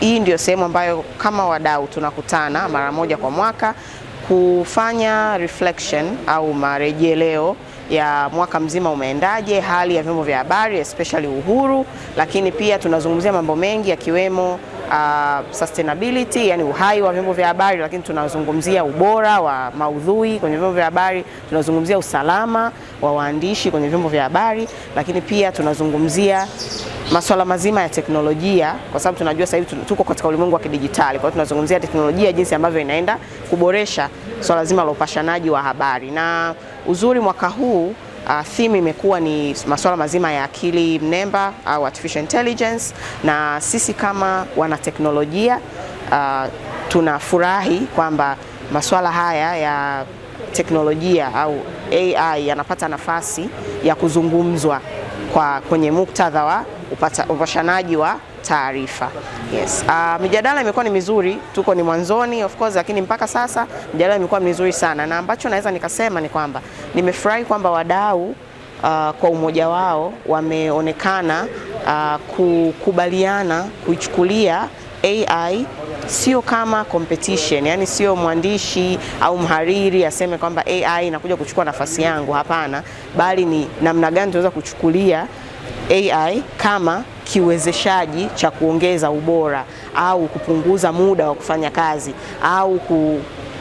hii ndio sehemu ambayo kama wadau tunakutana mara moja kwa mwaka kufanya reflection au marejeleo ya mwaka mzima umeendaje, hali ya vyombo vya habari especially Uhuru, lakini pia tunazungumzia mambo mengi yakiwemo uh, sustainability, yani uhai wa vyombo vya habari, lakini tunazungumzia ubora wa maudhui kwenye vyombo vya habari, tunazungumzia usalama wa waandishi kwenye vyombo vya habari, lakini pia tunazungumzia masuala mazima ya teknolojia, kwa sababu tunajua sasa hivi tuko katika ulimwengu wa kidijitali. Kwa hiyo tunazungumzia teknolojia, jinsi ambavyo inaenda kuboresha swala so zima la upashanaji wa habari, na uzuri mwaka huu Theme ah, imekuwa ni masuala mazima ya akili mnemba au artificial intelligence, na sisi kama wanateknolojia uh, ah, tunafurahi kwamba masuala haya ya teknolojia au AI yanapata nafasi ya kuzungumzwa kwa kwenye muktadha wa upashanaji wa taarifa. Yes. Uh, mijadala imekuwa ni mizuri, tuko ni mwanzoni of course, lakini mpaka sasa mijadala imekuwa mizuri sana, na ambacho naweza nikasema ni kwamba nimefurahi kwamba wadau Uh, kwa umoja wao wameonekana uh, kukubaliana kuichukulia AI sio kama competition, yani sio mwandishi au mhariri aseme kwamba AI inakuja kuchukua nafasi yangu. Hapana, bali ni namna gani tunaweza kuchukulia AI kama kiwezeshaji cha kuongeza ubora au kupunguza muda wa kufanya kazi au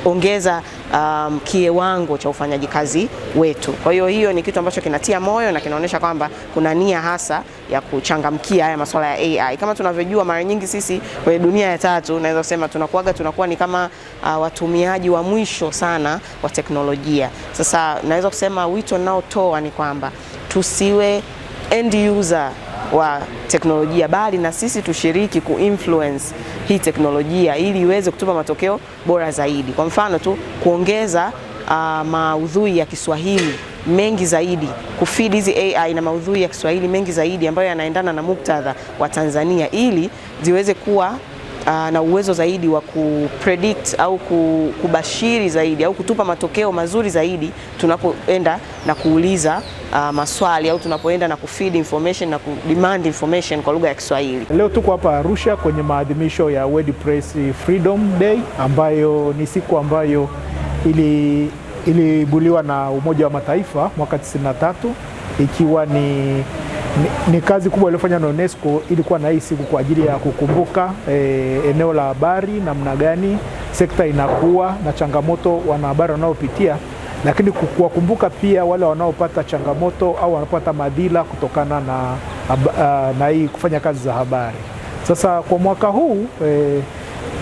kuongeza um, kiwango cha ufanyaji kazi wetu. Kwa hiyo hiyo ni kitu ambacho kinatia moyo na kinaonyesha kwamba kuna nia hasa ya kuchangamkia haya masuala ya AI. Kama tunavyojua, mara nyingi sisi kwenye dunia ya tatu, naweza kusema tunakuaga tunakuwa ni kama uh, watumiaji wa mwisho sana wa teknolojia. Sasa naweza kusema wito naotoa ni kwamba tusiwe end user wa teknolojia, bali na sisi tushiriki kuinfluence hii teknolojia ili iweze kutupa matokeo bora zaidi. Kwa mfano tu kuongeza uh, maudhui ya Kiswahili mengi zaidi kufeed hizi AI na maudhui ya Kiswahili mengi zaidi ambayo yanaendana na muktadha wa Tanzania ili ziweze kuwa Uh, na uwezo zaidi wa kupredict au kubashiri zaidi au kutupa matokeo mazuri zaidi tunapoenda na kuuliza uh, maswali au tunapoenda na kufeed information na kudemand information kwa lugha ya Kiswahili. Leo tuko hapa Arusha kwenye maadhimisho ya WordPress Freedom Day ambayo ni siku ambayo ili iliibuliwa na Umoja wa Mataifa mwaka 93 ikiwa ni ni, kazi kubwa iliyofanywa na UNESCO ili kuwa na hii siku kwa ajili ya kukumbuka e, eneo la habari, namna gani sekta inakuwa na changamoto wanahabari wanaopitia, lakini kuwakumbuka pia wale wanaopata changamoto au wanapata madhila kutokana na, na, ah, na hii kufanya kazi za habari. Sasa kwa mwaka huu e,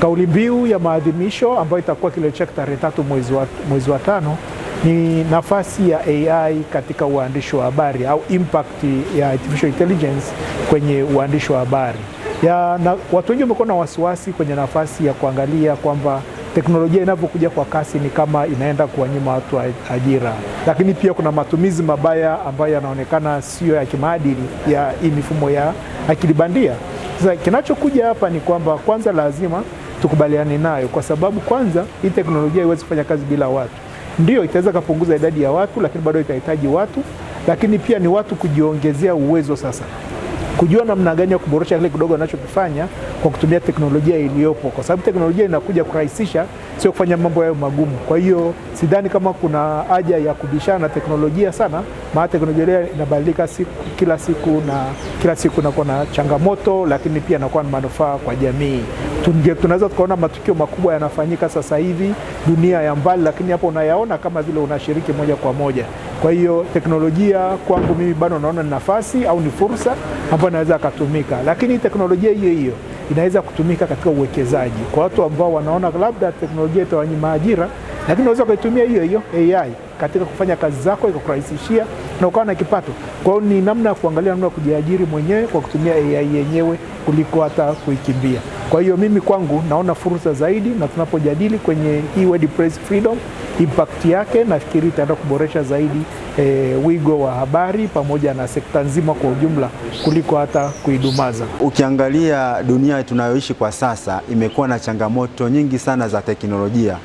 kauli mbiu ya maadhimisho ambayo itakuwa kilele chake tarehe tatu mwezi wa, mwezi wa tano ni nafasi ya AI katika uandishi wa habari au impact ya artificial intelligence kwenye uandishi wa habari. Ya, na, watu wengi wamekuwa na wasiwasi kwenye nafasi ya kuangalia kwamba teknolojia inavyokuja kwa kasi ni kama inaenda kuwanyima watu ajira, lakini pia kuna matumizi mabaya ambayo yanaonekana siyo ya kimaadili ya hii mifumo ya akili bandia. Sasa kinachokuja hapa ni kwamba kwanza lazima tukubaliane nayo, kwa sababu kwanza hii teknolojia haiwezi kufanya kazi bila watu. Ndio itaweza kapunguza idadi ya watu, lakini bado itahitaji watu, lakini pia ni watu kujiongezea uwezo sasa kujua namna gani ya kuboresha kile kidogo anachokifanya kwa kutumia teknolojia iliyopo, kwa sababu teknolojia inakuja kurahisisha, sio kufanya mambo yayo magumu. Kwa hiyo sidhani kama kuna haja ya kubishana na teknolojia sana, maana teknolojia inabadilika siku, kila siku na kila siku inakuwa na changamoto, lakini pia inakuwa na manufaa kwa jamii. Tunaweza tukaona matukio makubwa yanafanyika sasa hivi dunia ya mbali, lakini hapo unayaona kama vile unashiriki moja kwa moja. Kwa hiyo teknolojia kwangu mimi bado naona ni nafasi au ni fursa ambayo inaweza akatumika, lakini teknolojia hiyo hiyo inaweza kutumika katika uwekezaji kwa watu ambao wanaona labda teknolojia itawanyima ajira lakini unaweza ukaitumia hiyo hiyo AI katika kufanya kazi zako ikakurahisishia na ukawa na kipato. Kwa hiyo ni namna ya kuangalia namna ya kujiajiri mwenyewe kwa kutumia AI yenyewe kuliko hata kuikimbia. Kwa hiyo mimi kwangu naona fursa zaidi, na tunapojadili kwenye hii WordPress Freedom, impact yake nafikiri itaenda kuboresha zaidi e, wigo wa habari pamoja na sekta nzima kwa ujumla kuliko hata kuidumaza. Ukiangalia dunia tunayoishi kwa sasa imekuwa na changamoto nyingi sana za teknolojia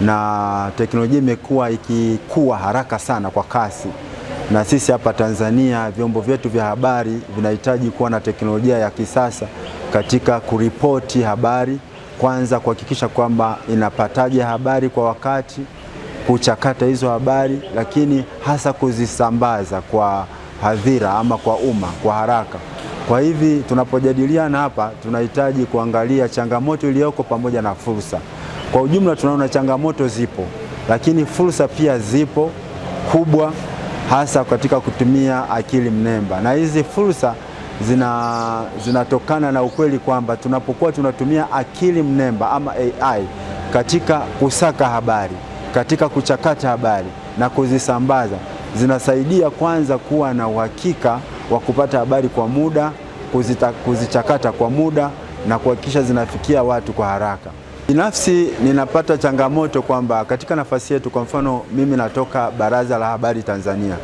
na teknolojia imekuwa ikikua haraka sana kwa kasi, na sisi hapa Tanzania vyombo vyetu vya habari vinahitaji kuwa na teknolojia ya kisasa katika kuripoti habari, kwanza kuhakikisha kwamba inapataje habari kwa wakati, kuchakata hizo habari, lakini hasa kuzisambaza kwa hadhira ama kwa umma kwa haraka. Kwa hivi tunapojadiliana hapa tunahitaji kuangalia changamoto iliyoko pamoja na fursa. Kwa ujumla, tunaona changamoto zipo, lakini fursa pia zipo kubwa, hasa katika kutumia akili mnemba, na hizi fursa zina, zinatokana na ukweli kwamba tunapokuwa tunatumia akili mnemba ama AI katika kusaka habari, katika kuchakata habari na kuzisambaza, zinasaidia kwanza kuwa na uhakika wa kupata habari kwa muda, kuzita, kuzichakata kwa muda na kuhakikisha zinafikia watu kwa haraka. Binafsi ninapata changamoto kwamba katika nafasi yetu, kwa mfano mimi natoka Baraza la Habari Tanzania,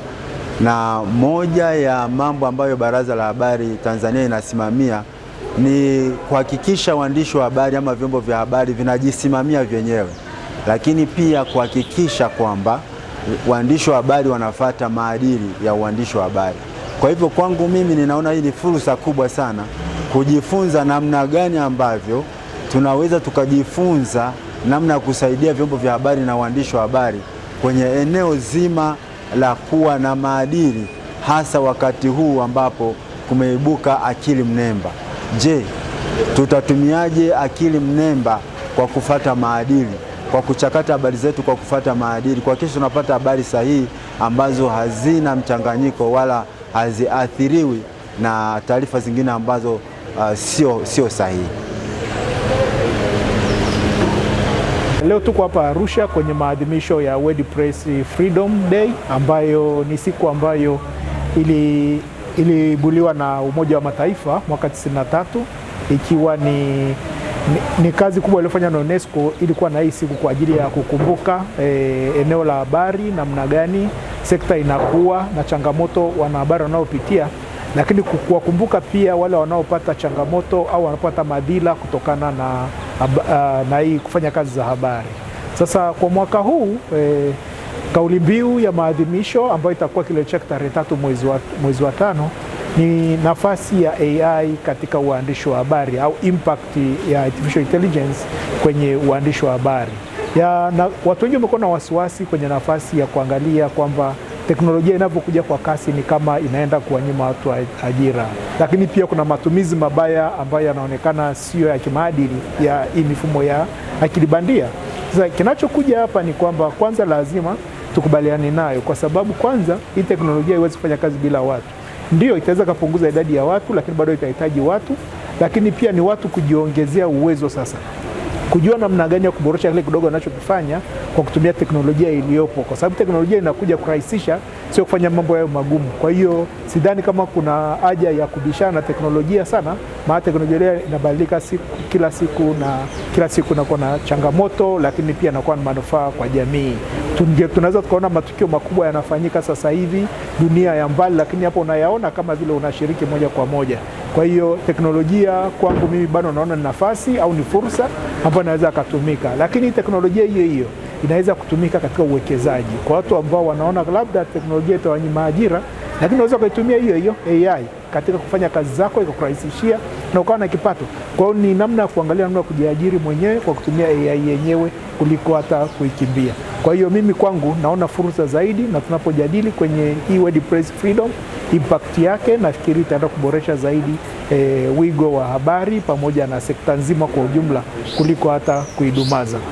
na moja ya mambo ambayo Baraza la Habari Tanzania inasimamia ni kuhakikisha waandishi wa habari ama vyombo vya habari vinajisimamia vyenyewe, lakini pia kuhakikisha kwamba waandishi wa habari wanafata maadili ya uandishi wa habari. Kwa hivyo kwangu mimi ninaona hii ni fursa kubwa sana kujifunza namna gani ambavyo tunaweza tukajifunza namna ya kusaidia vyombo vya habari na waandishi wa habari kwenye eneo zima la kuwa na maadili, hasa wakati huu ambapo kumeibuka akili mnemba. Je, tutatumiaje akili mnemba kwa kufata maadili, kwa kuchakata habari zetu kwa kufata maadili, kuhakikisha tunapata habari sahihi ambazo hazina mchanganyiko wala haziathiriwi na taarifa zingine ambazo uh, sio sio sahihi. Leo tuko hapa Arusha kwenye maadhimisho ya WordPress Freedom Day ambayo ni siku ambayo ili iliibuliwa na Umoja wa Mataifa mwaka 93 ikiwa ni, ni, ni kazi kubwa iliyofanywa na UNESCO ilikuwa na hii siku kwa ajili ya kukumbuka e, eneo la habari, namna gani sekta inakuwa na changamoto wanahabari wanaopitia, lakini kuwakumbuka pia wale wanaopata changamoto au wanapata madhila kutokana na Ah, na hii kufanya kazi za habari. Sasa kwa mwaka huu e, kauli mbiu ya maadhimisho ambayo itakuwa kilele chake tarehe tatu mwezi wa, mwezi wa tano ni nafasi ya AI katika uandishi wa habari au impact ya artificial intelligence kwenye uandishi wa habari ya na, watu wengi wamekuwa na wasiwasi kwenye nafasi ya kuangalia kwamba teknolojia inavyokuja kwa kasi ni kama inaenda kuwanyima watu ajira, lakini pia kuna matumizi mabaya ambayo yanaonekana siyo ya kimaadili ya hii mifumo ya akili bandia. Sasa kinachokuja hapa ni kwamba kwanza lazima tukubaliane nayo, kwa sababu kwanza hii teknolojia haiwezi kufanya kazi bila watu. Ndio itaweza kapunguza idadi ya watu, lakini bado itahitaji watu, lakini pia ni watu kujiongezea uwezo sasa kujua namna gani ya kuboresha kile kidogo anachokifanya kwa kutumia teknolojia iliyopo, kwa sababu teknolojia inakuja kurahisisha sio kufanya mambo yayo magumu. Kwa hiyo sidhani kama kuna haja ya kubishana na teknolojia sana, maana teknolojia inabadilika siku, kila siku na kila siku inakuwa na changamoto, lakini pia inakuwa na manufaa kwa jamii. Tunaweza tukaona matukio makubwa yanafanyika sasa hivi dunia ya mbali, lakini hapo unayaona kama vile unashiriki moja kwa moja. Kwa hiyo teknolojia kwangu mimi bado naona ni nafasi au ni fursa ambayo inaweza akatumika, lakini teknolojia hiyo hiyo inaweza kutumika katika uwekezaji kwa watu ambao wanaona labda teknolojia itawanyima ajira, lakini unaweza ukaitumia hiyo hiyo AI katika kufanya kazi zako ikakurahisishia na ukawa na kipato. Kwa hiyo ni namna ya kuangalia namna ya kujiajiri mwenyewe kwa kutumia AI yenyewe kuliko hata kuikimbia. Kwa hiyo mimi kwangu naona fursa zaidi, na tunapojadili kwenye hii Press Freedom, impact yake nafikiri itaenda kuboresha zaidi e, wigo wa habari pamoja na sekta nzima kwa ujumla kuliko hata kuidumaza.